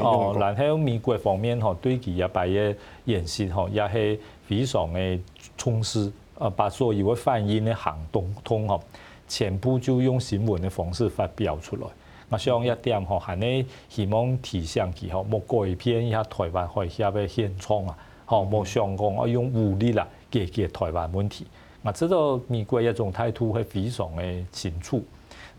哦，然後美國方面吼對佢阿爸嘅言辭吼，也係非常嘅重視。啊把所有嘅反應嘅行動通吼，全部就用新聞嘅方式發表出來。我想一點吼，係你希望提升佢吼，冇改變一下台灣海峽嘅現狀啊，吼冇想講要用武力來解決台灣問題。我知個美國一種態度係非常嘅清楚。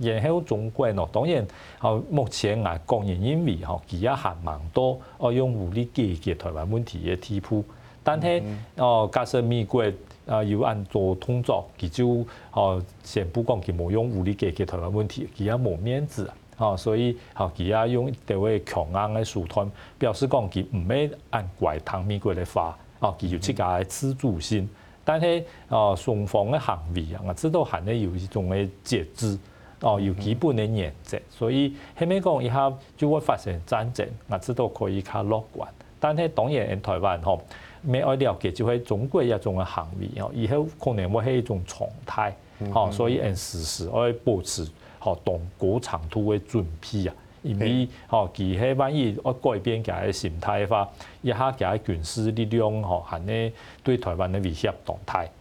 然後，中國呢，當然哦，目前來講，然因為哦，佢也行問多哦，用武力解決台灣問題的提步，但係哦，假設美國啊要按做動作，佢就哦，先不講佢冇用武力解決台灣問題，其他無面子啊，所以哦，佢也用特別強硬的手段表示講，其唔要按怪唐美國的話啊，佢就個家自住先。但是哦，雙方的行為啊，知道係咧有一種的節制。哦，有基本的遏制，所以係咪講以後就會發生戰爭，我至都可以較樂觀。但係當然喺台灣吼，咩愛了解就喺中國一種嘅行為哦，以後可能會係一種常態哦，所以按時時愛保持學當高長途嘅準備啊，因為哦，其係萬一要改變家嘅心態嘅話，一下家軍事力量吼係呢對台灣嘅威脅動態。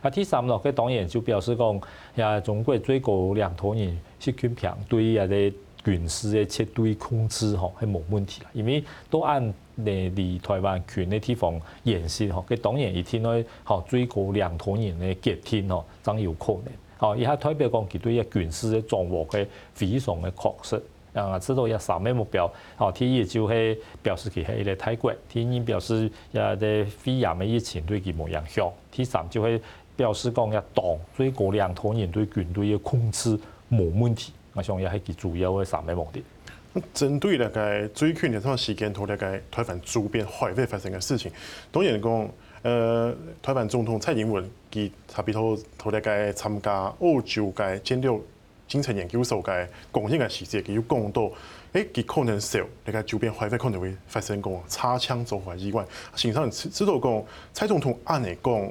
啊！T 三咯，佢當然就表示講，也中國最高領導人習近平對啊啲軍事嘅絕對控制吼係冇問題啦，因為都按內離台灣近嘅地方演示吼，佢當然一聽咧吼最高領導人嘅決定吼，真有可能。哦，而代表講，其佢對啊軍事嘅掌握係非常嘅確實啊，知道一三咩目標哦，T 二就係表示佢係一個泰國 t 二表示啊啲肺炎疫情對佢冇影響 t 三就係。表示講，一黨，所以國兩套人對軍隊嘅控制無問題，我想也係其主要嘅三個目的。針對那個最近一段時間，台那個台灣周邊海域發生嘅事情，當然講，呃，台灣總統蔡英文，佮差不多台那個參加澳洲嘅戰略政策研究所嘅貢獻嘅時節，佮有講到，誒，佢可能少，那個周邊海域可能會發生個擦槍走火意外。事實上，知道講蔡總統按呢講。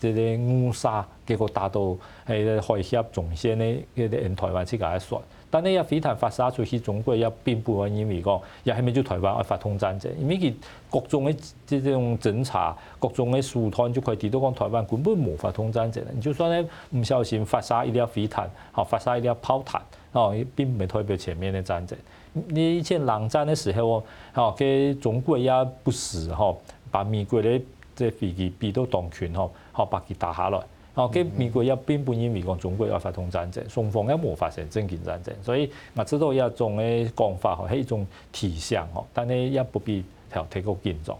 即個烏沙結果打到係海峽中線咧，迄個用台灣車架嚟算，但係一飛彈發射出去，中國也並不可以因為講，也係咪就台灣發通戰爭？因為佢各種誒即種偵查、各種誒試探就可以睇到講台灣根本無法通戰爭。就算咧唔小心發射一粒飛彈，嚇發射一粒炮彈，哦並唔代表前面嘅戰爭。你以前冷戰嘅時候喎，嚇佢中國也不時吼把美國咧。哦即係飛機，飛到當權嗬，學把佢打下來學基美國一邊本以美國，中國要發動戰爭，雙方一冇發生真戰爭。所以啊，呢種一種嘅講法嗬係一種提醒嗬，但係也不必太過緊張。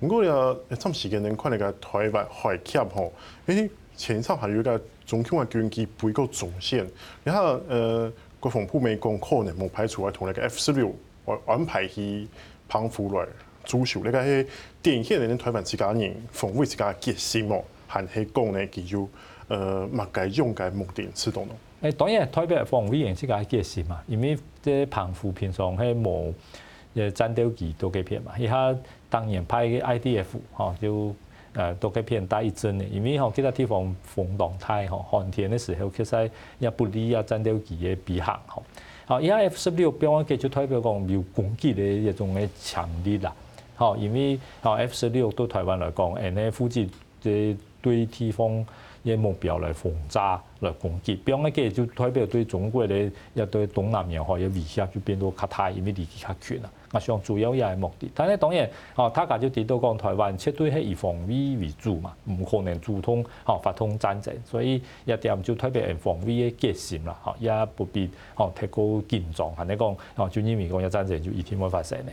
唔過又一陣時間你睇下台灣海峽嗬，誒前哨係有個中共嘅軍機飛過中線，然後誒國防部門講可能冇排除啊，從嚟個 F 十六我安排去澎湖來。主手你睇下電影咧，你台灣自己人防衛，自己嘅決心喎，限係講咧佢要誒擘解用解無電自動動。誒，當然，推翻防衛人自己嘅決心嘛，因為啲澎湖平常係冇誒戰鬥機，多幾片嘛。而、那、下、個、當然、哦呃、派個 I D F 嚇要誒多幾片打一陣嘅，因為吼其他地方風浪大吼，寒天嘅時候其實也不利啊戰鬥機嘅飛行吼。好而家 F 十六標我記得就代表講有攻擊嘅一種嘅強力啦。哦，因為哦 F 十六對台灣來講，講，誒咧，呼之對對地方嘅目標來轟炸、來攻擊，比方呢個就代表對中國咧，又對東南沿海又威脅就變到較大，因為係地區較近啦。我想主要也係目的，但係當然，哦，他家就提到講台灣徹底係以防衛為主嘛，唔可能主動，哦，發動戰爭。所以一點就代表係防衛嘅決心啦，嚇，也不必，哦，太過緊張，係你講哦，就意味講有戰爭就一天冇發生咧。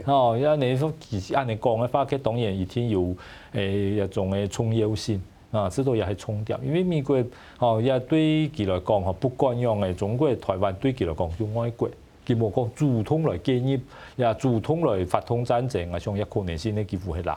對哦，呀你說，其實按你講咧，發給黨員一天有誒一種嘅重要性啊，最都也是重點，因為美國哦，也對佢來講嚇不管用嘅，中國台灣對佢嚟講叫外國，佢冇講主統來介入，也主統來發動戰爭。啊，像一過年前咧，幾乎係難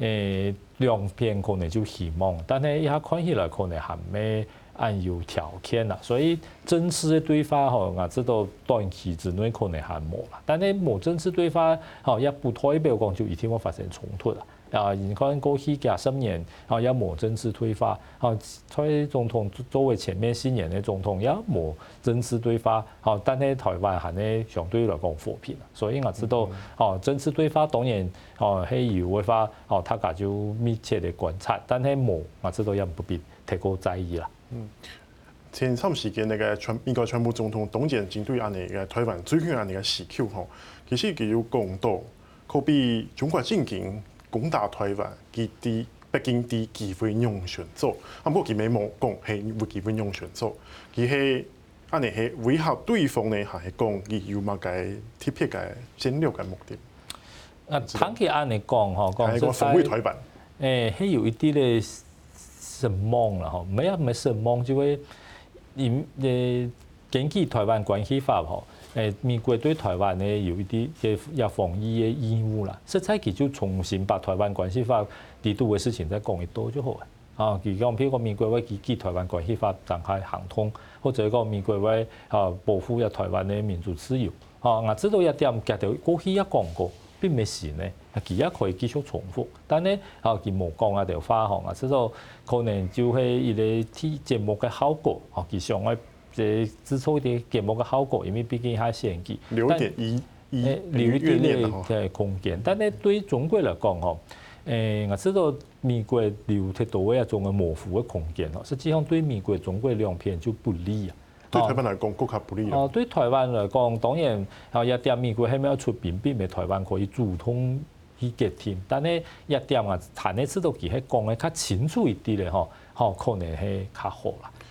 誒、欸，兩邊可能就希望，但係一下看起來可能含咩按有條件啦，所以政治嘅對話吼、哦，我知道短期之內可能含冇啦，但係冇政治對話、哦，吼一不妥，比如講就一定會發生衝突啦。啊！你看過去廿十年，啊，一冇政治對話，啊，蔡總統作為前面四年的總統，也冇政治對話，嚇、啊、但係台灣係咧相對來講和平，所以我知道，哦、嗯嗯啊，政治對話當然，嚇係有會發，哦、啊，大家就密切的觀察，但係冇，我知道也唔不必太過在意啦。嗯，前啱時間，那個全應該全部總統董建章對安尼嘅台灣最近安尼時時吼，其實佢有講到，可比中國政經。攻打台灣，佢哋北京啲機會用唔上啊，咁不過佢咪冇講係會基本用上咗，佢係安尼係威嚇對方咧係講佢有乜嘅特別嘅戰略嘅目的。啊，聽佢安尼講吼，講防衛台灣，誒係有一啲咧失望啦，吼，啊乜咪失望，即位因誒根據台灣關係法吼。誒，美國對台灣咧有一啲嘅有防疫嘅義務啦。實際佢就重新把台灣關係法啲度嘅事情再講一多就好嘅。啊，其實講，唔如講美國威佢基台灣關係法展開行通，或者講美國威嚇保護入台灣嘅民主自由。嚇、啊，我知道一點，其實過去一講過並沒事咧，佢也可以繼續重複，但咧嚇佢無講啊條法項啊，至少、啊、可能就係依個節目嘅效果嚇，佢向外。即係製造啲節目個效果，因為畢竟係現時留一點一餘點點嘅空間。嗯、但對於中國來講吼，誒我知道美國留喺度位啊，種有模糊嘅空間咯。實際上對美國、中國兩邊就不利啊。對台灣來講更加不利啊。對台灣來講，當然，然後一點美國喺邊出邊邊，咪台灣可以主通去接聽，但係一點啊，睇你知道佢喺講嘅，佢清楚一啲咧，吼，可能會較好啦。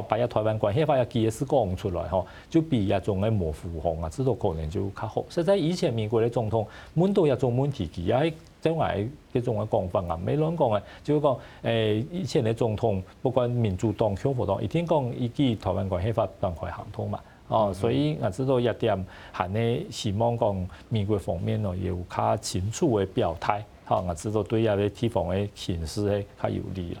把台灣關係法嘅事講出來吼就比亞種的模糊項啊，呢度可能就較好。實在以前美國嘅總統滿多一種問題嘅，正話一種嘅講法啊，沒亂講嘅，就講、是、誒，以前嘅總統不管民主黨、共和黨，一定講依啲台灣關係法淡化行通嘛，哦，所以啊，呢度一點係你希望講美國方面咯，也有較清楚的表態嚇啊，呢度對啊啲地方嘅形勢誒較有利啦。